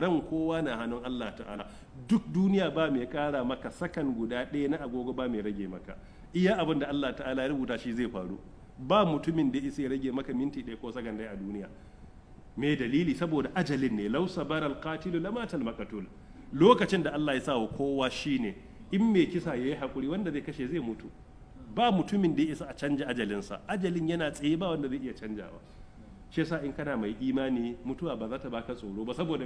ran kowa na hannun Allah ta'ala duk duniya ba mai kara maka sakan guda ɗaya na agogo ba mai rage maka iya abin da Allah ta'ala ya rubuta shi zai faru ba mutumin da isa ya rage maka minti ɗaya ko sakan ɗaya a duniya me dalili saboda ajalin ne lausa baral katilo lamatal maqtul lokacin da Allah ya sa wa kowa shine in mai kisa ya yi hakuri wanda zai kashe zai mutu ba mutumin da ya isa a canja ajalinsa ajalin yana tsaye ba wanda zai iya canjawa shi yasa in kana mai imani mutuwa ba za ta baka tsoro ba saboda